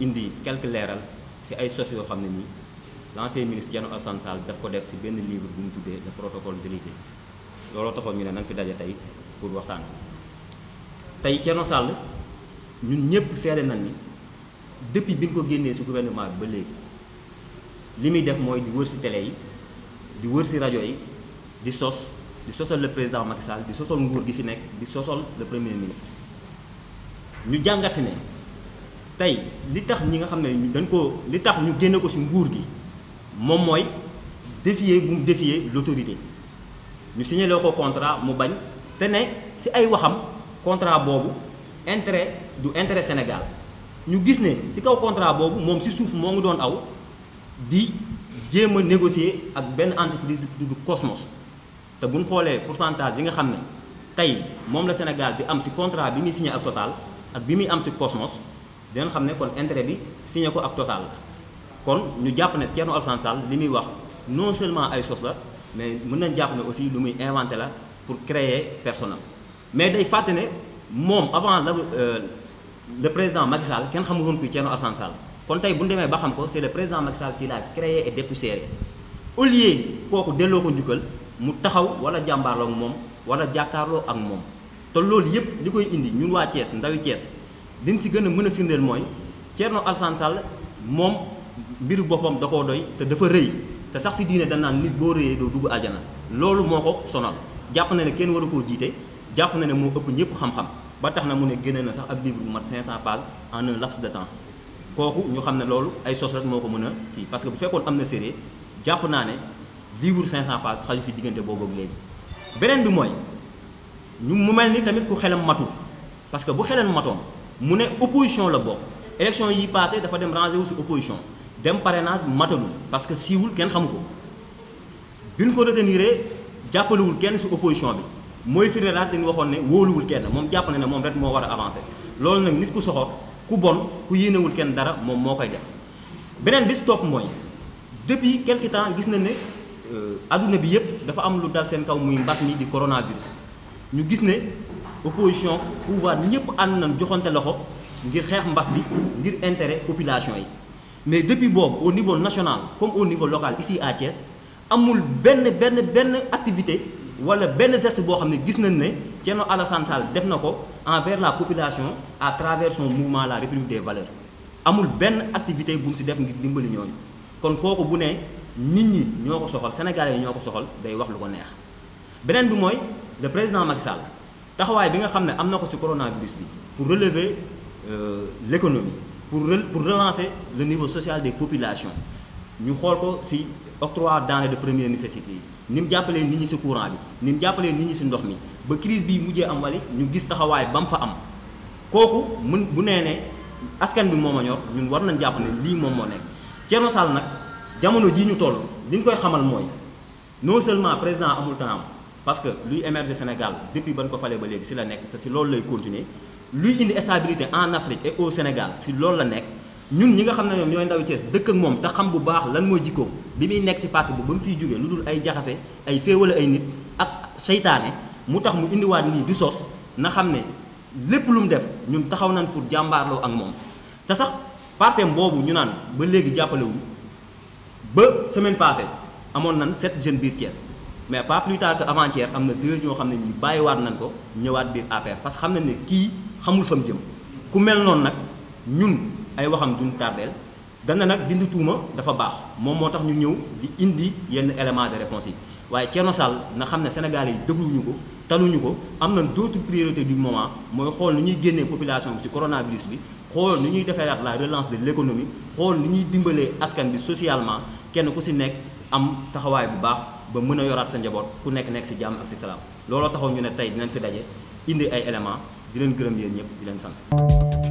indi quelques leral c'est ay socio yoo xam l'ancien ministre Thierno Assane Sall daf ko def ci ben livre bu mu le protocole de taxo ñu fi pour waxtaan ñun depuis ko gouvernement ba légui limi def di wër télé yi di wër ci radio yi di le président Macky Sall di nguur gi fi le premier ministre ñu jàngat tey li tax ñi nga xam ne dañ ko li tax ñu génne ko ci nguur gi moom mooy défier bu défier l'autorité ñu signé loo contrat mu bañ te ne si ay waxam contrat boobu intérêt du intérêt Sénégal ñu gis ne si kaw contrat boobu moom si suuf moo ngi doon aw di jéem a négocier ak benn entreprise du Cosmos te bu ñu xoolee pourcentage yi nga xam ne tey la Sénégal di am ci contrat bi muy signé ak Total ak bi muy am ci Cosmos dinañ xamné kon intérêt bi signé ko ak Total kon ñu japp né Thierno Alassane Sall li wax non seulement ay sos la mais mën nañ japp né aussi lu muy inventé la pour créer personnel mais day faté né mom avant la euh, le président Macky Sall kenn xamul woon kuy Thierno Alassane kon tay bu démé ba xam ko c'est le président Macky Sall qui l'a créé et dépoussiéré au lieu koku délo ko njukkal mu taxaw wala jàmbaarloo ak mom wala jakarlo ak mom te lool yépp li koy indi ñun wa Thiès ndawi Thiès liñ ci gën a mën a firndeel mooy Thierno Alassane Sall moom mbiru boppam da koo doy te dafa rëy te sax si diine dañ naan nit boo rëyee doo dugg aljana loolu moo ko sonal jàpp na ne kenn waru koo jiite jàpp na ne moo ëpp ñëpp xam-xam ba tax na mu ne génne na sax ab livre bu mat 500 pages en un laps de temps kooku ñu xam ne loolu ay sos rek moo ko mën a kii parce que bu fekkoon am na sérieux jàpp naa ne livre 500 pages xaju fi diggante boobu ak léegi. beneen bi mooy ñu mu mel ni tamit ku xelam matul parce que bu xelam matoon mune opposition la bokk élection yi passé dafa dem ranger aussi opposition dem parrainage matalu parce que siiwul kenn xamu ko bi ñu ko retenir jàppalewul kenn si opposition bi moy firnde daal dañu waxoon ne wóoluwul kenn moom jàpp na né mom rek mo wara avancer lolou nak nit ku soxor ku bon ku yéenewul kenn dara mom moo koy def benen bis topp mooy depuis quelques temps gis na né euh, aduna bi yëpp dafa am lu dal sen kaw muy mbas mi di coronavirus ñu gis né opposition pouvoir ñep ànd nañ joxante loxo ngir xeex mbass bi ngir intérêt population yi mais depuis bob au niveau national comme au niveau local ici à Thiès amul benn benn benn activité wala benn geste bo xamné ne gis nañ né Thierno Alassane Sall def nako envers la population à travers son mouvement la République des valeurs amul benn activité buñ ci def ngir dimbali ñooñu kon kooku bu né nit ñi ñoko soxal sénégalais ñoko soxal day wax lu ko neex benen bi moy le président Macky Sall taxaway bi nga xamné ne ko ci coronavirus bi pour relever euh, l'économie pour pour relancer le niveau social des populations ñu xol ko ci octroi denrées de première nécessité yi ni nit ñi ci courant bi ni mu nit ñi ci ndox mi ba crise bi, mujjé am wali ñu gis taxaway bam fa am koku bu nee ne askan bi moma ñor ñun war nañ japp né li mom mo nek Thierno sal nak jamono ji ñu toll li koy xamal moy non seulement président amul temps parce que lui émerger Sénégal depuis ban ko falé ba légui si la nek si stabilité en Afrique et au Sénégal si loolu la nek ñun ñi nga Thiès ak mom xam bu baax lan moy nous bi mi nek Nous parti bu nous fi ay jaxassé ay nous ay nit ak Nous mu tax sos na xamné lepp def ñun taxaw pour jambarlo ak mom sax nous Bobu ñu naan ba semaine passée jeunes mais pas plus tard que avant-hier amna deux ñoo xamné ni bayyi waat nañ ko ñëwaat biir APR parce que xam ni ki xamul fam jëm ku mel non nak ñun ay waxam duñ tardeel dana nak dindu tuuma dafa baax mom motax ñu ñëw di indi yenn élément de réponse yi waaye Thierno Sall na xamné Sénégal yi dégluwuñu ko taluñu ko amna d'autres priorités du moment moy xol nu ñuy génnee population bi ci coronavirus bi xol nu ñuy defee ak la relance de l'économie xol nu ñuy dimbalé askan bi socialement kenn ku ci nekk am taxaway bu baax ba mën a yoraat sa njaboot ku nekk nekk si jàmm ak si salaam looloo taxoon ñu ne tey dinañ fi daje indi ay éléments di leen gërëm yéen ñëpp di leen sant